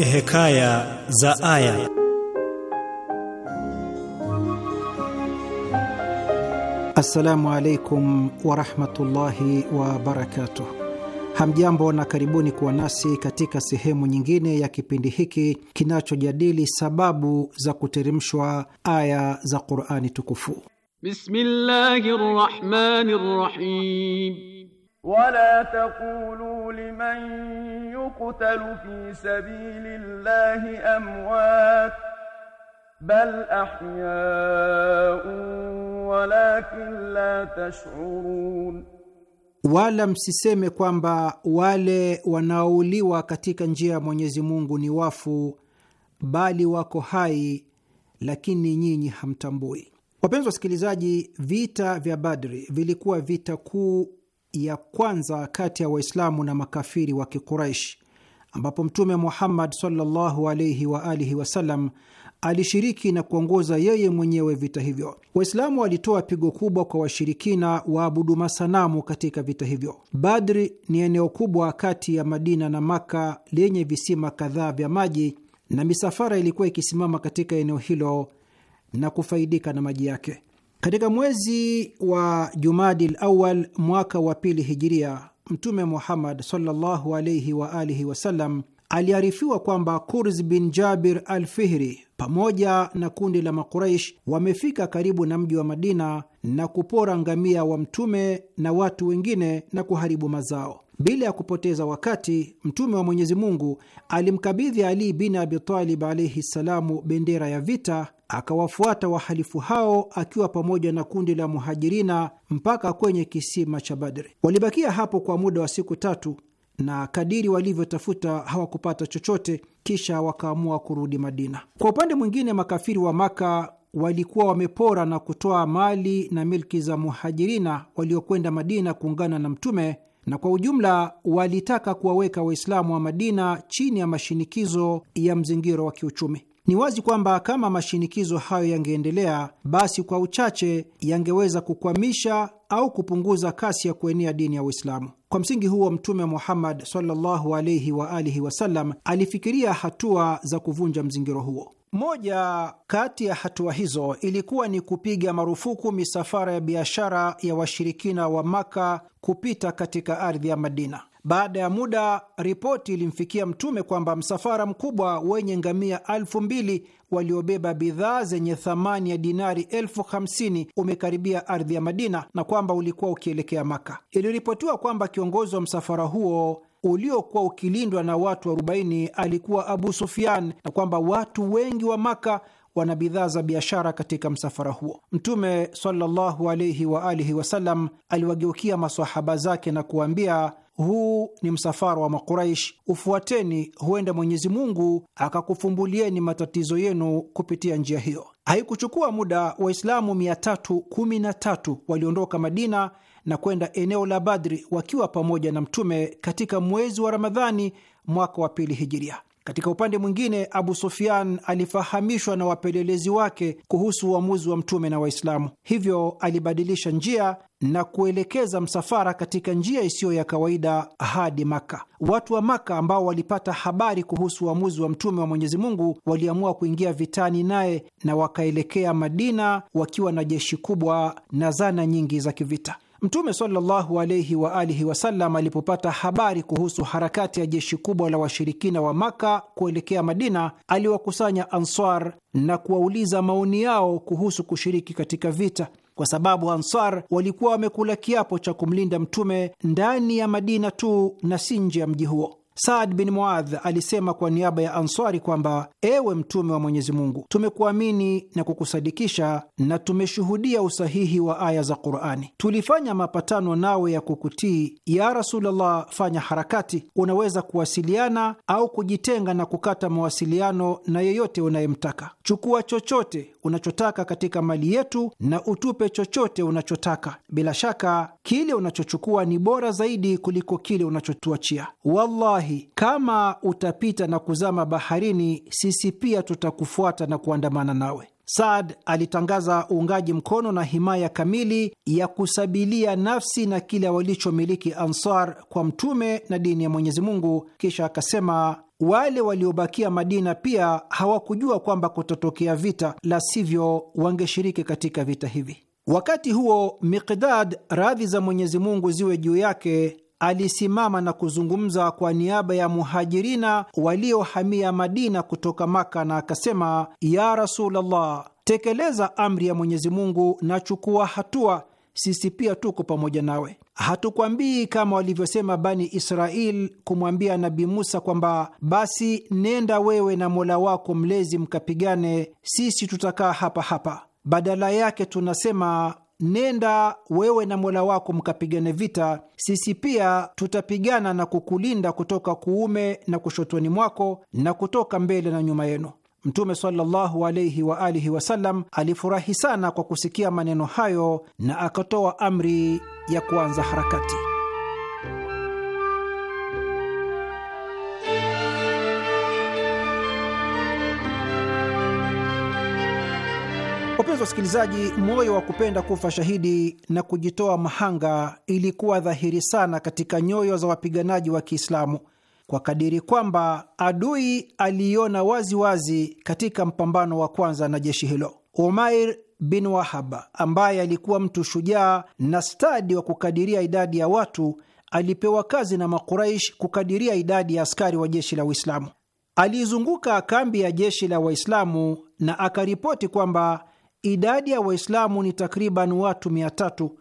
E Hekaya za Aya. Assalamu alaikum warahmatullahi wabarakatuh. Hamjambo na karibuni kuwa nasi katika sehemu nyingine ya kipindi hiki kinachojadili sababu za kuteremshwa aya za Qurani tukufu. Bismillahirrahmanirrahim ولا تقولوا لمن يقتل في سبيل الله اموات بل احياء ولكن لا تشعرون Wala msiseme kwamba wale wanaouliwa katika njia ya Mwenyezi Mungu ni wafu, bali wako hai, lakini nyinyi hamtambui. Wapenzi wasikilizaji, vita vya Badri vilikuwa vita kuu ya kwanza kati ya Waislamu na makafiri wa Kiquraish, ambapo Mtume Muhammad sallallahu alaihi wa alihi wasallam alishiriki na kuongoza yeye mwenyewe vita hivyo. Waislamu walitoa pigo kubwa kwa washirikina waabudu masanamu katika vita hivyo. Badri ni eneo kubwa kati ya Madina na Maka lenye visima kadhaa vya maji, na misafara ilikuwa ikisimama katika eneo hilo na kufaidika na maji yake. Katika mwezi wa Jumadil Awal mwaka wa pili hijiria, Mtume Muhammad sallallahu alaihi wa alihi wasallam aliarifiwa kwamba Kurz bin Jabir al Fihri pamoja na kundi la Makuraish wamefika karibu na mji wa Madina na kupora ngamia wa Mtume na watu wengine na kuharibu mazao. Bila ya kupoteza wakati, Mtume wa Mwenyezi Mungu alimkabidhi Ali bin Abi Talib alaihi ssalamu bendera ya vita akawafuata wahalifu hao akiwa pamoja na kundi la Muhajirina mpaka kwenye kisima cha Badri. Walibakia hapo kwa muda wa siku tatu, na kadiri walivyotafuta hawakupata chochote, kisha wakaamua kurudi Madina. Kwa upande mwingine, makafiri wa Maka walikuwa wamepora na kutoa mali na milki za Muhajirina waliokwenda Madina kuungana na Mtume, na kwa ujumla walitaka kuwaweka Waislamu wa Madina chini ya mashinikizo ya mzingiro wa kiuchumi. Ni wazi kwamba kama mashinikizo hayo yangeendelea, basi kwa uchache yangeweza kukwamisha au kupunguza kasi ya kuenea dini ya Uislamu. Kwa msingi huo, Mtume Muhammad sallallahu alaihi wa alihi wasallam alifikiria hatua za kuvunja mzingiro huo. Moja kati ya hatua hizo ilikuwa ni kupiga marufuku misafara ya biashara ya washirikina wa Maka kupita katika ardhi ya Madina. Baada ya muda, ripoti ilimfikia Mtume kwamba msafara mkubwa wenye ngamia elfu mbili waliobeba bidhaa zenye thamani ya dinari elfu hamsini umekaribia ardhi ya Madina na kwamba ulikuwa ukielekea Maka. Iliripotiwa kwamba kiongozi wa msafara huo uliokuwa ukilindwa na watu 40 alikuwa Abu Sufyan na kwamba watu wengi wa Maka wana bidhaa za biashara katika msafara huo. Mtume sallallahu wa alihi wasallam aliwageukia masahaba zake na kuwaambia, huu ni msafara wa Makuraish, ufuateni, huenda Mwenyezi Mungu akakufumbulieni matatizo yenu kupitia njia hiyo. Haikuchukua muda, Waislamu 313 waliondoka Madina na kwenda eneo la Badri wakiwa pamoja na Mtume katika mwezi wa Ramadhani mwaka wa pili hijiria. Katika upande mwingine, Abu Sufyan alifahamishwa na wapelelezi wake kuhusu uamuzi wa Mtume na Waislamu, hivyo alibadilisha njia na kuelekeza msafara katika njia isiyo ya kawaida hadi Maka. Watu wa Maka ambao walipata habari kuhusu uamuzi wa Mtume wa Mwenyezi Mungu waliamua kuingia vitani naye na wakaelekea Madina wakiwa na jeshi kubwa na zana nyingi za kivita. Mtume sallallahu alaihi wa alihi wasallam alipopata habari kuhusu harakati ya jeshi kubwa la washirikina wa Maka kuelekea Madina, aliwakusanya Ansar na kuwauliza maoni yao kuhusu kushiriki katika vita, kwa sababu Ansar walikuwa wamekula kiapo cha kumlinda Mtume ndani ya Madina tu na si nje ya mji huo. Saad bin Muadh alisema kwa niaba ya Answari kwamba ewe Mtume wa Mwenyezi Mungu, tumekuamini na kukusadikisha na tumeshuhudia usahihi wa aya za Qurani. Tulifanya mapatano nawe ya kukutii ya Rasulullah. Fanya harakati, unaweza kuwasiliana au kujitenga na kukata mawasiliano na yeyote unayemtaka. Chukua chochote unachotaka katika mali yetu na utupe chochote unachotaka. Bila shaka kile unachochukua ni bora zaidi kuliko kile unachotuachia. Wallahi, kama utapita na kuzama baharini, sisi pia tutakufuata na kuandamana nawe. Saad alitangaza uungaji mkono na himaya kamili ya kusabilia nafsi na kile walichomiliki Ansar kwa Mtume na dini ya Mwenyezi Mungu, kisha akasema wale waliobakia Madina pia hawakujua kwamba kutatokea vita, la sivyo wangeshiriki katika vita hivi. Wakati huo Miqdad, radhi za Mwenyezi Mungu ziwe juu yake, alisimama na kuzungumza kwa niaba ya Muhajirina waliohamia Madina kutoka Maka na akasema: ya Rasulullah, tekeleza amri ya Mwenyezi Mungu na chukua hatua, sisi pia tuko pamoja nawe. Hatukwambii kama walivyosema Bani Israel kumwambia Nabi Musa kwamba basi nenda wewe na Mola wako mlezi mkapigane, sisi tutakaa hapa hapa. Badala yake tunasema nenda wewe na Mola wako mkapigane vita, sisi pia tutapigana na kukulinda kutoka kuume na kushotoni mwako na kutoka mbele na nyuma yenu. Mtume sallallahu alayhi wa alihi wasallam alifurahi sana kwa kusikia maneno hayo na akatoa amri ya kuanza harakati. Wapenzi wasikilizaji, moyo wa kupenda kufa shahidi na kujitoa mahanga ilikuwa dhahiri sana katika nyoyo za wapiganaji wa Kiislamu kwa kadiri kwamba adui aliiona waziwazi katika mpambano wa kwanza na jeshi hilo. Umair bin Wahab ambaye alikuwa mtu shujaa na stadi wa kukadiria idadi ya watu, alipewa kazi na Makuraish kukadiria idadi ya askari wa jeshi la Uislamu. Aliizunguka kambi ya jeshi la Waislamu na akaripoti kwamba idadi ya Waislamu ni takriban watu mia tatu,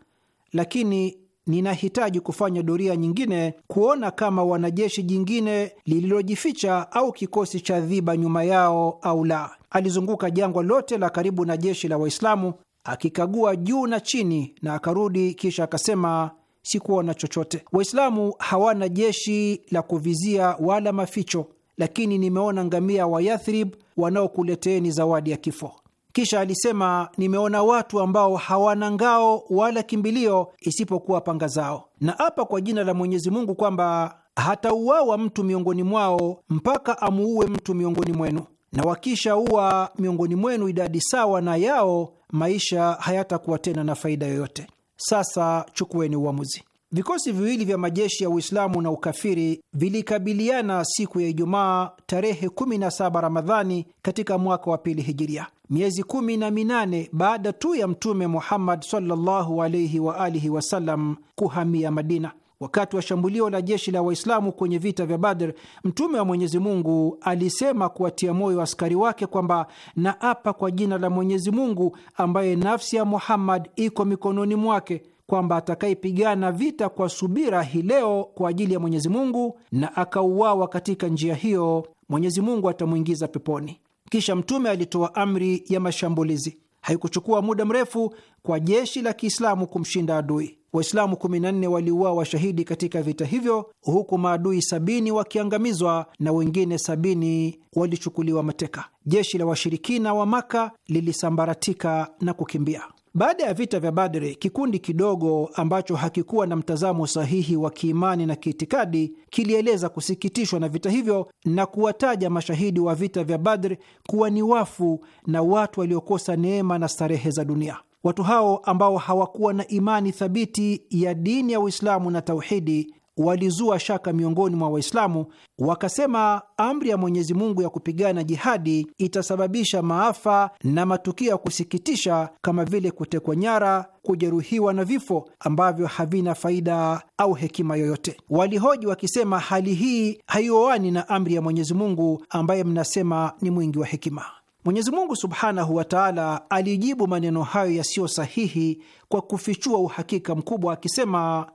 lakini ninahitaji kufanya doria nyingine kuona kama wanajeshi jingine lililojificha au kikosi cha dhiba nyuma yao au la. Alizunguka jangwa lote la karibu na jeshi la Waislamu akikagua juu na chini, na akarudi, kisha akasema sikuona chochote. Waislamu hawana jeshi la kuvizia wala maficho, lakini nimeona ngamia wa Yathrib wanaokuleteeni zawadi ya kifo. Kisha alisema, nimeona watu ambao hawana ngao wala kimbilio isipokuwa panga zao, na hapa kwa jina la Mwenyezi Mungu kwamba hatauawa mtu miongoni mwao mpaka amuue mtu miongoni mwenu, na wakishaua miongoni mwenu idadi sawa na yao, maisha hayatakuwa tena na faida yoyote. Sasa chukueni uamuzi. Vikosi viwili vya majeshi ya Uislamu na ukafiri vilikabiliana siku ya Ijumaa tarehe 17 Ramadhani katika mwaka wa pili hijiria miezi kumi na minane baada tu ya Mtume Muhammad sallallahu alaihi wa alihi wasallam kuhamia Madina. Wakati wa shambulio la jeshi la Waislamu kwenye vita vya Badr, Mtume wa Mwenyezi Mungu alisema kuwatia moyo askari wake kwamba, na apa kwa jina la Mwenyezi Mungu ambaye nafsi ya Muhammad iko mikononi mwake kwamba atakayepigana vita kwa subira hii leo kwa ajili ya Mwenyezi Mungu na akauawa katika njia hiyo, Mwenyezi Mungu atamwingiza peponi. Kisha Mtume alitoa amri ya mashambulizi. Haikuchukua muda mrefu kwa jeshi la Kiislamu kumshinda adui. Waislamu 14 waliuawa washahidi katika vita hivyo, huku maadui sabini wakiangamizwa na wengine sabini walichukuliwa mateka. Jeshi la washirikina wa Maka lilisambaratika na kukimbia. Baada ya vita vya Badri, kikundi kidogo ambacho hakikuwa na mtazamo sahihi wa kiimani na kiitikadi kilieleza kusikitishwa na vita hivyo na kuwataja mashahidi wa vita vya Badri kuwa ni wafu na watu waliokosa neema na starehe za dunia. Watu hao ambao hawakuwa na imani thabiti ya dini ya Uislamu na tauhidi walizua shaka miongoni mwa Waislamu, wakasema amri ya Mwenyezi Mungu ya kupigana jihadi itasababisha maafa na matukio ya kusikitisha kama vile kutekwa nyara, kujeruhiwa na vifo ambavyo havina faida au hekima yoyote. Walihoji wakisema, hali hii haioani na amri ya Mwenyezi Mungu ambaye mnasema ni mwingi wa hekima. Mwenyezi Mungu subhanahu wa taala alijibu maneno hayo yasiyo sahihi kwa kufichua uhakika mkubwa akisema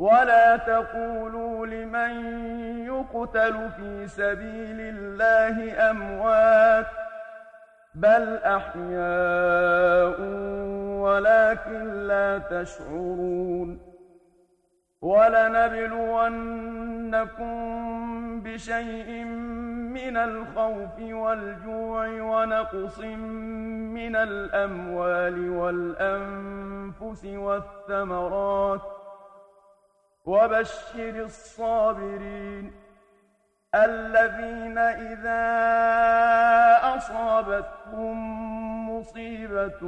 ولا تقولوا لمن يقتل في سبيل الله أموات بل أحياء ولكن لا تشعرون ولنبلونكم بشيء من الخوف والجوع ونقص من الأموال والأنفس والثمرات ۖ وبشر الصابرين الذين إذا أصابتهم مصيبة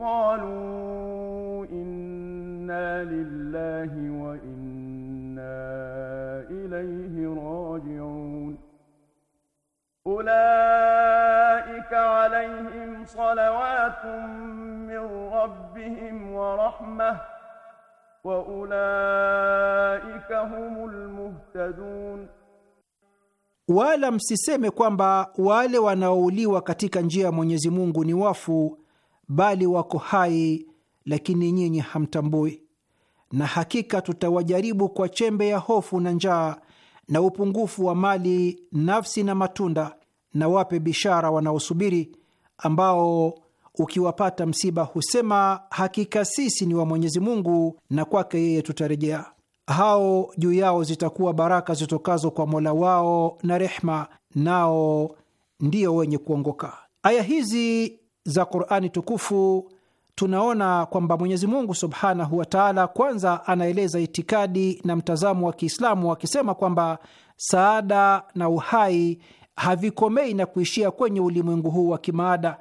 قالوا إنا لله وإنا إليه راجعون أولئك عليهم صلوات من ربهم ورحمه waulaika humul muhtadun, wala msiseme kwamba wale wanaouliwa katika njia ya Mwenyezi Mungu ni wafu, bali wako hai, lakini nyinyi hamtambui. Na hakika tutawajaribu kwa chembe ya hofu na njaa na upungufu wa mali, nafsi na matunda, na wape bishara wanaosubiri ambao ukiwapata msiba husema, hakika sisi ni wa Mwenyezi Mungu na kwake yeye tutarejea. Hao juu yao zitakuwa baraka zitokazo kwa Mola wao na rehma, nao ndio wenye kuongoka. Aya hizi za Qur'ani tukufu tunaona kwamba Mwenyezi Mungu Subhanahu wa Ta'ala kwanza anaeleza itikadi na mtazamo wa Kiislamu akisema kwamba saada na uhai havikomei na kuishia kwenye ulimwengu huu wa kimaada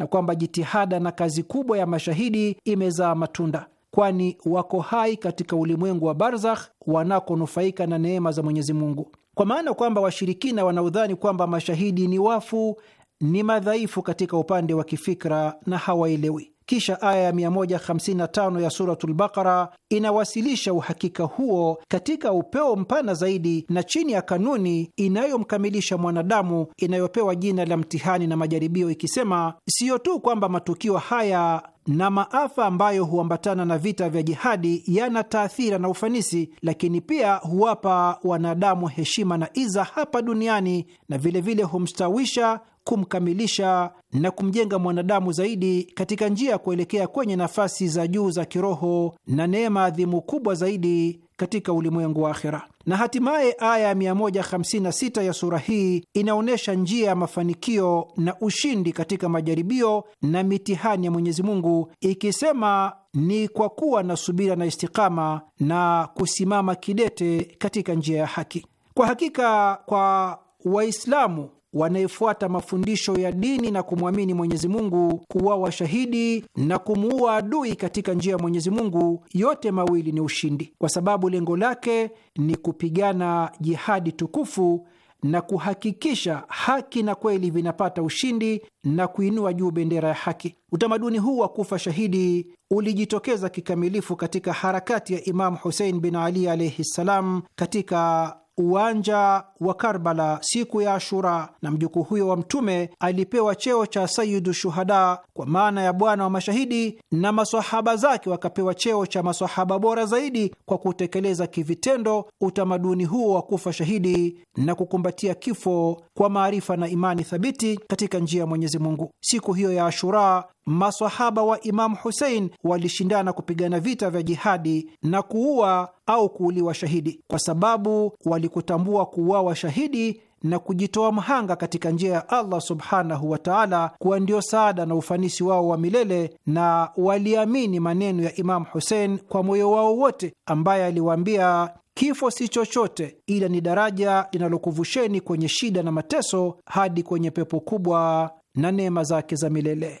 na kwamba jitihada na kazi kubwa ya mashahidi imezaa matunda, kwani wako hai katika ulimwengu wa barzakh wanakonufaika na neema za Mwenyezi Mungu, kwa maana kwamba washirikina wanaodhani kwamba mashahidi ni wafu ni madhaifu katika upande wa kifikra na hawaelewi. Kisha aya ya 155 ya Suratul Bakara inawasilisha uhakika huo katika upeo mpana zaidi na chini ya kanuni inayomkamilisha mwanadamu inayopewa jina la mtihani na majaribio, ikisema siyo tu kwamba matukio haya na maafa ambayo huambatana na vita vya jihadi yana taathira na ufanisi, lakini pia huwapa wanadamu heshima na iza hapa duniani na vilevile vile humstawisha kumkamilisha na kumjenga mwanadamu zaidi katika njia ya kuelekea kwenye nafasi za juu za kiroho na neema adhimu kubwa zaidi katika ulimwengu wa akhera. Na hatimaye aya ya 156 ya sura hii inaonyesha njia ya mafanikio na ushindi katika majaribio na mitihani ya Mwenyezi Mungu ikisema, ni kwa kuwa na subira na istikama na kusimama kidete katika njia ya haki. Kwa hakika kwa Waislamu wanayefuata mafundisho ya dini na kumwamini Mwenyezi Mungu kuwawa shahidi na kumuua adui katika njia ya Mwenyezi Mungu, yote mawili ni ushindi, kwa sababu lengo lake ni kupigana jihadi tukufu na kuhakikisha haki na kweli vinapata ushindi na kuinua juu bendera ya haki. Utamaduni huu wa kufa shahidi ulijitokeza kikamilifu katika harakati ya Imamu Husein bin Ali alaihi ssalam katika uwanja wa Karbala siku ya Ashura, na mjukuu huyo wa Mtume alipewa cheo cha Sayidu Shuhada kwa maana ya bwana wa mashahidi, na masahaba zake wakapewa cheo cha masahaba bora zaidi kwa kutekeleza kivitendo utamaduni huo wa kufa shahidi na kukumbatia kifo kwa maarifa na imani thabiti katika njia ya Mwenyezi Mungu. Siku hiyo ya Ashura masahaba wa Imamu Husein walishindana kupigana vita vya jihadi na kuua au kuuliwa shahidi, kwa sababu walikutambua kuuawa shahidi na kujitoa mhanga katika njia ya Allah subhanahu wa taala kuwa ndio saada na ufanisi wao wa milele, na waliamini maneno ya Imamu Husein kwa moyo wao wote, ambaye aliwaambia Kifo si chochote ila ni daraja linalokuvusheni kwenye shida na mateso hadi kwenye pepo kubwa na neema zake za milele.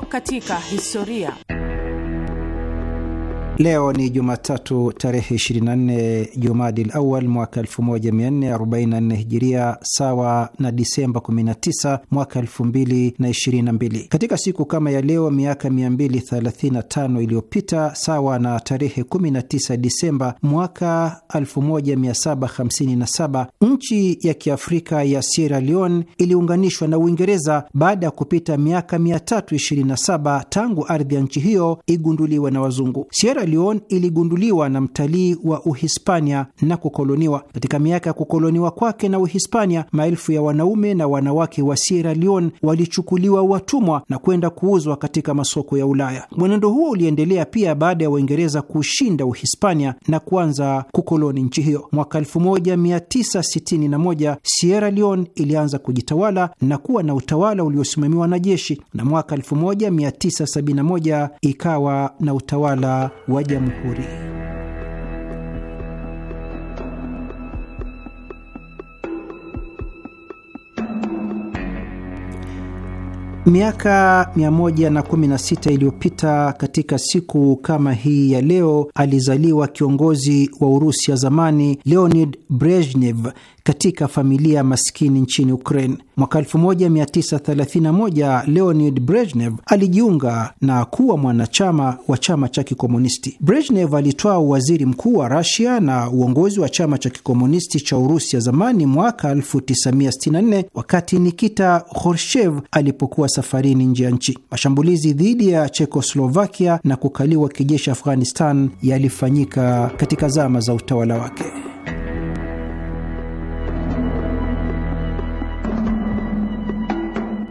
katika historia. Leo ni Jumatatu tarehe 24 Jumadil Awal mwaka 1444 Hijiria, sawa na Disemba 19 mwaka 2022. Katika siku kama ya leo miaka 235 iliyopita, sawa na tarehe 19 Disemba mwaka 1757, nchi ya kiafrika ya Sierra Leone iliunganishwa na Uingereza baada ya kupita miaka 327 tangu ardhi ya nchi hiyo igunduliwe na wazungu Sierra Sierra Leon iligunduliwa na mtalii wa Uhispania na kukoloniwa. Katika miaka ya kukoloniwa kwake na Uhispania, maelfu ya wanaume na wanawake wa Sierra Leon walichukuliwa watumwa na kwenda kuuzwa katika masoko ya Ulaya. Mwenendo huo uliendelea pia baada ya Waingereza kushinda Uhispania na kuanza kukoloni nchi hiyo. Mwaka 1961 Sierra Leon ilianza kujitawala na kuwa na utawala uliosimamiwa na jeshi, na mwaka 1971 ikawa na utawala wa jamhuri. Miaka 116 iliyopita katika siku kama hii ya leo alizaliwa kiongozi wa Urusi ya zamani Leonid Brezhnev katika familia maskini nchini Ukraine. Mwaka 1931 Leonid Brezhnev alijiunga na kuwa mwanachama wa chama cha Kikomunisti. Brezhnev alitoa uwaziri mkuu wa Rasia na uongozi wa chama cha Kikomunisti cha Urusi ya zamani mwaka 1964 wakati Nikita Khrushchev alipokuwa safarini nje ya nchi. Mashambulizi dhidi ya Chekoslovakia na kukaliwa kijeshi Afghanistan yalifanyika katika zama za utawala wake.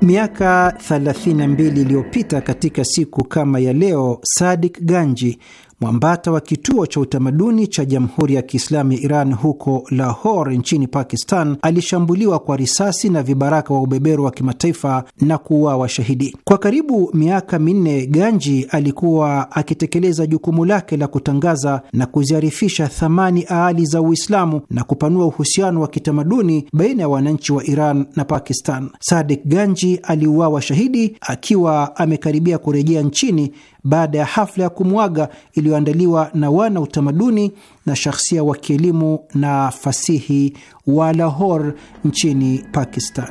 Miaka 32 iliyopita katika siku kama ya leo, Sadik Ganji, mwambata wa kituo cha utamaduni cha Jamhuri ya Kiislamu ya Iran huko Lahore nchini Pakistan, alishambuliwa kwa risasi na vibaraka wa ubeberu wa kimataifa na kuuawa shahidi. Kwa karibu miaka minne, Ganji alikuwa akitekeleza jukumu lake la kutangaza na kuziarifisha thamani aali za Uislamu na kupanua uhusiano wa kitamaduni baina ya wananchi wa Iran na Pakistan. Sadik Ganji aliuawa shahidi akiwa amekaribia kurejea nchini baada ya hafla ya kumwaga iliyoandaliwa na wana utamaduni na shahsia wa kielimu na fasihi wa Lahore nchini Pakistan.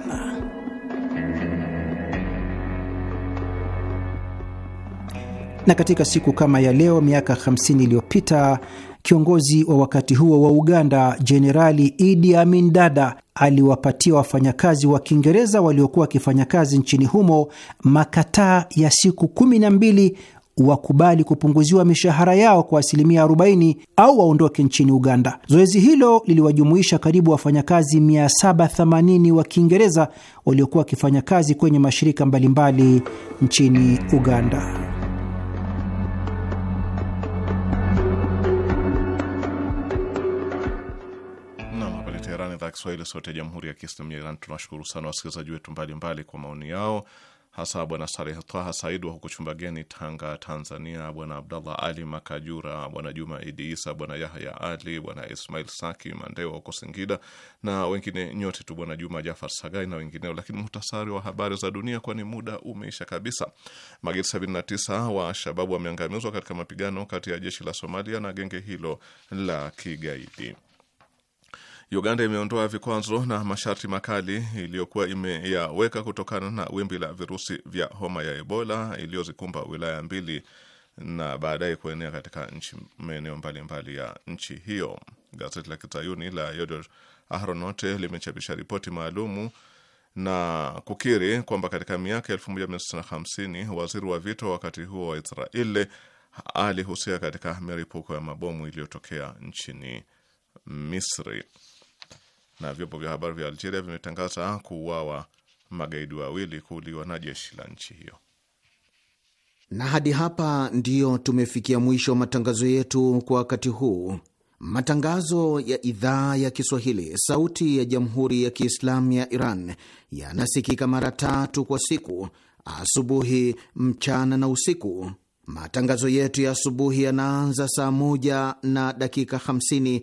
Na katika siku kama ya leo miaka 50 iliyopita kiongozi wa wakati huo wa Uganda Jenerali Idi Amin Dada aliwapatia wafanyakazi wa Kiingereza waliokuwa wakifanya kazi nchini humo makataa ya siku kumi na mbili wakubali kupunguziwa mishahara yao kwa asilimia 40 au waondoke nchini Uganda. Zoezi hilo liliwajumuisha karibu wafanyakazi 780 wa Kiingereza waliokuwa wakifanya kazi kwenye mashirika mbalimbali nchini Uganda. Kiswahili sote ya Jamhuri ya Kiislamu ya Iran. Tunashukuru sana wasikilizaji wetu mbalimbali kwa maoni yao hasa Bwana Saleh Taha Said wa huko Chumbageni, Tanga, Tanzania, Bwana Abdallah Ali Makajura, Bwana Juma Idi Isa, Bwana Yahya Ali, Bwana Ismail Saki Mandewa huko Singida na wengine nyote tu, Bwana Juma Jafar Sagai na wengineo. Lakini muhtasari wa habari za dunia, kwani muda umeisha kabisa. Magaidi 79 wa Shababu wameangamizwa katika mapigano kati ya jeshi la Somalia na genge hilo la kigaidi. Uganda imeondoa vikwazo na masharti makali iliyokuwa imeyaweka kutokana na wimbi la virusi vya homa ya Ebola iliyozikumba wilaya mbili na baadaye kuenea katika nchi maeneo mbalimbali ya nchi hiyo. Gazeti la kizayuni la Yodor Ahronot limechapisha ripoti maalumu na kukiri kwamba katika miaka 1950 waziri wa vita wakati huo wa Israeli alihusika katika milipuko ya mabomu iliyotokea nchini Misri na vyombo vya habari vya Algeria vimetangaza kuuawa magaidi wawili kuuliwa na jeshi la nchi hiyo. Na hadi hapa ndiyo tumefikia mwisho wa matangazo yetu kwa wakati huu. Matangazo ya idhaa ya Kiswahili sauti ya jamhuri ya Kiislamu ya Iran yanasikika mara tatu kwa siku: asubuhi, mchana na usiku. Matangazo yetu ya asubuhi yanaanza saa moja na dakika hamsini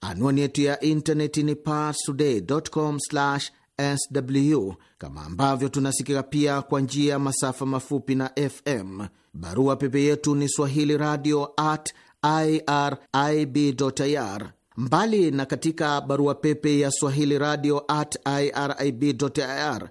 Anwani yetu ya intaneti ni parstoday.com/sw, kama ambavyo tunasikika pia kwa njia ya masafa mafupi na FM. Barua pepe yetu ni swahili radio at irib.ir. Mbali na katika barua pepe ya swahili radio at irib.ir